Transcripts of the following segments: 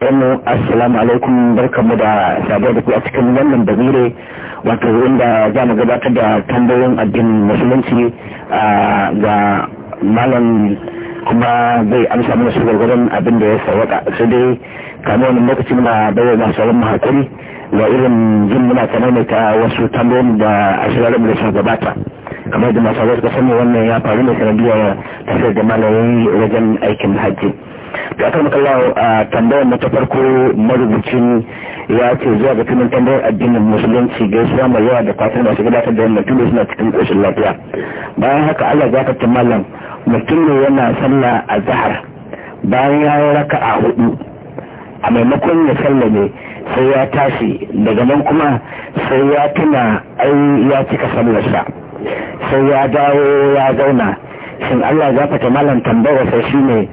Yannu assalamu alaikum barkamu da sabuwa da ku a cikin wannan dabire wato inda za mu gabatar da tambayoyin addinin musulunci ga malam kuma zai amsa mana su gwargwaron abin da ya sauwaka su dai kamar wani lokaci muna bayar da sauran mu hakuri ga irin jin muna ta wasu tambayoyin da a shirarar da suka gabata kamar da masu wasu kasan wannan ya faru ne sanadiyar tafiyar da malamin wajen aikin hajji. da aka makallawa a tambayar na ta farko marubucin ya ce zuwa ga tunan tambayar addinin musulunci gaisuwa mai yawa da fatan masu gabatar da wannan suna cikin ƙoshin lafiya bayan haka allah ya fata malam mutum ne yana sallah a zahar bayan ya yi raka a hudu a maimakon ya ne sai ya tashi daga nan kuma sai ya tuna ai ya cika sallarsa sai ya dawo ya zauna shin allah ya fata mallam tambayar sai shine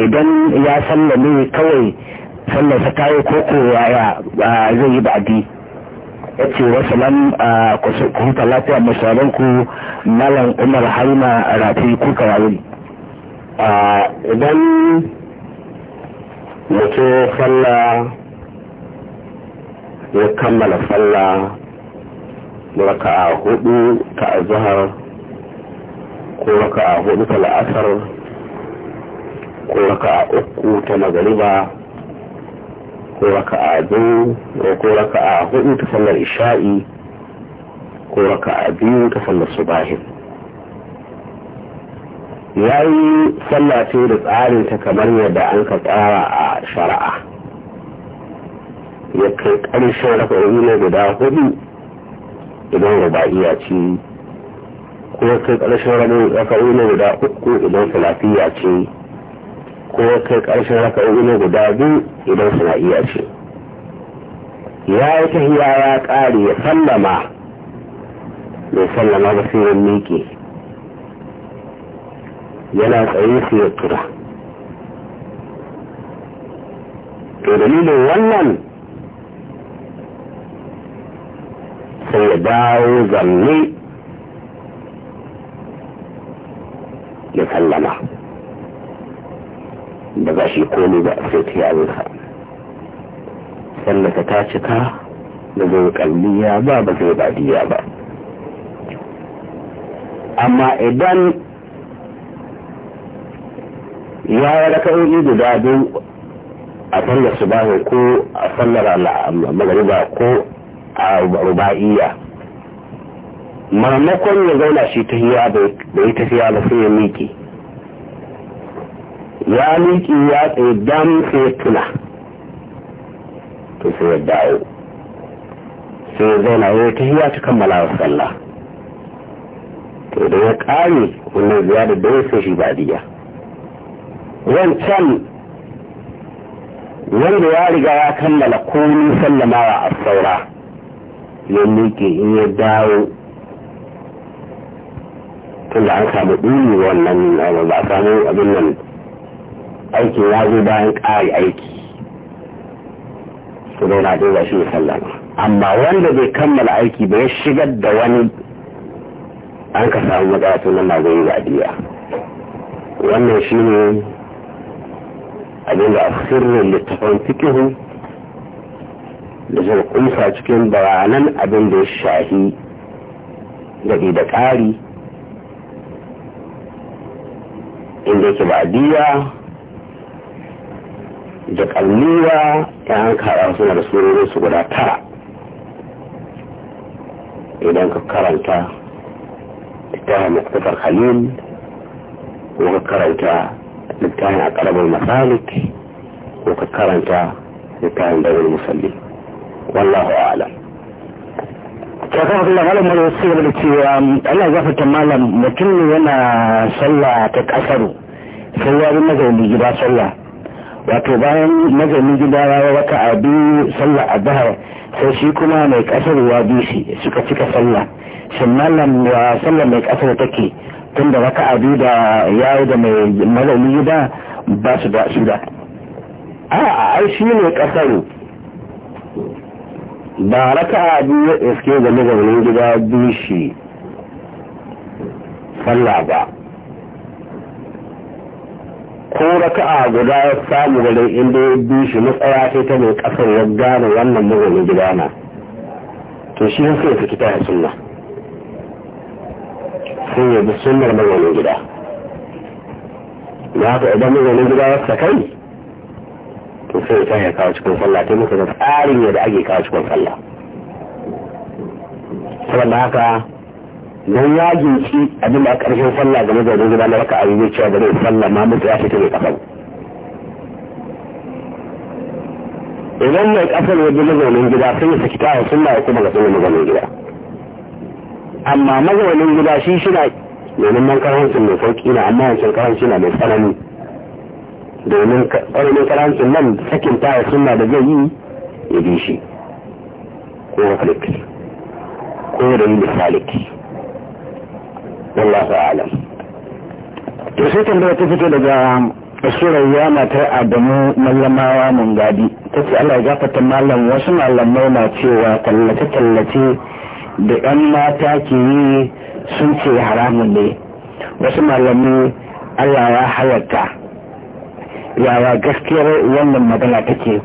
idan ya sallame kawai ta kayo ko kowa ya zai yi ba'adi ya ce wasu nan ku huta lafiya ku malam umar a rafi kuka a idan mutum sallah ya kammala sallah a hudu ta azhar ko raka'a hudu ta la'asar ko raka'a uku ta magariba ko raka'a biyu ko raka'a hudu ta sallar isha'i ko raka'a biyu ta sallar subahin ya yi ce da tsarin ta kamar yadda an ka tsara a shari'a ya kai ƙarshen raka'o'i na guda hudu idan ruba'iya ce ko kai ƙarshen raka'o'i na guda uku idan salafiya ce ko kai ƙarshen raka'o'i ne guda biyu idan suna iya ce ya yi tahiya ya ƙare ya sallama mai sallama ba sai ya yana tsaye sai ya tura to dalilin wannan sai ya dawo zanne ya sallama ba shi komi ba sai ta yi sannan sallaka ta cika da zai kalliya ba ba zai badiya ba amma idan ya yi raka'o'i guda biyu a sallar subahi ko a sallar magariba ko a ruba'iya maimakon ya zauna shi da ya tafiya ba sai ya miki ya miƙe ya tsaye dam sai tuna to sai ya dawo sai ya zauna ya ta hiya ta kammala wa sallah to da ya ƙare wannan ziyarar da ya sai shi badiya wancan wanda ya riga ya kammala komi wa a saura ya miƙe in ya dawo tun da an samu ɗuri wannan ba a samu abin nan aiki ya zo bayan ƙari aiki su dai na duba shi sallama amma wanda bai kammala aiki ba ya shigar da wani an ka samu matsala na goyi ba diya wannan shi ne abin da a sirrin littafin fikihu da zai kumsa cikin bayanan abin da ya shahi gari da ƙari inda yake ba biya. da kalliwa ta hankara suna da surorin su guda tara idan ka karanta littafin muktasar khalil ko ka karanta littafin a karabar masalik ko ka karanta littafin dawar musalli wallahu a'lam sakamakon Allah malam mara wasu yadda cewa Allah zafata malam mutum ne yana sallah ta kasaru sai ya bi mazauni gida sallah wato bayan mazamin gida rawa wata a biyu sallah a bahar sai shi kuma mai kasar wa bishi suka cika sallah sannan wa sallah mai kasar take tun da wata a biyu da yawo da mai mazamin gida ba su da su da a ai shi ne kasar ba raka a biyu ya iske da mazamin gida bishi sallah ba ko raka'a guda ya samu garin inda ya bi shi matsaya sai ta mai kasar ya gane wannan mazaunin gida na to shi sai ya fita ya sunna sun ya bi sunnar mazaunin gida da haka idan mazaunin gida ya sakai to sai ya tashi kawo cikin sallah ta muka da tsarin yadda ake kawo cikin sallah saboda haka don ya jinci abin da karshen sallah game da gida na raka abin cewa da zai sallah ma mutu ya fita mai kafan idan mai kafan wajen mazaunin gida sun yi sakita a sunna ya kuma ga tsohon mazaunin gida amma mazaunin gida shi shina domin man karancin mai sauki na amma wancan karancin na mai tsanani domin tsananin karancin nan sakin tawa suna da zai yi ya bi shi ko wa ko da yi misalik wallahu alam to sai tambaya ta fito daga surar ya matar adamu mallamawa mun gadi ta allah ya gafarta malam wasu malamai na cewa tallace-tallace da yan mata ke yi sun ce haramun ne wasu malamai allah ya halatta yaya gaskiyar wannan magana take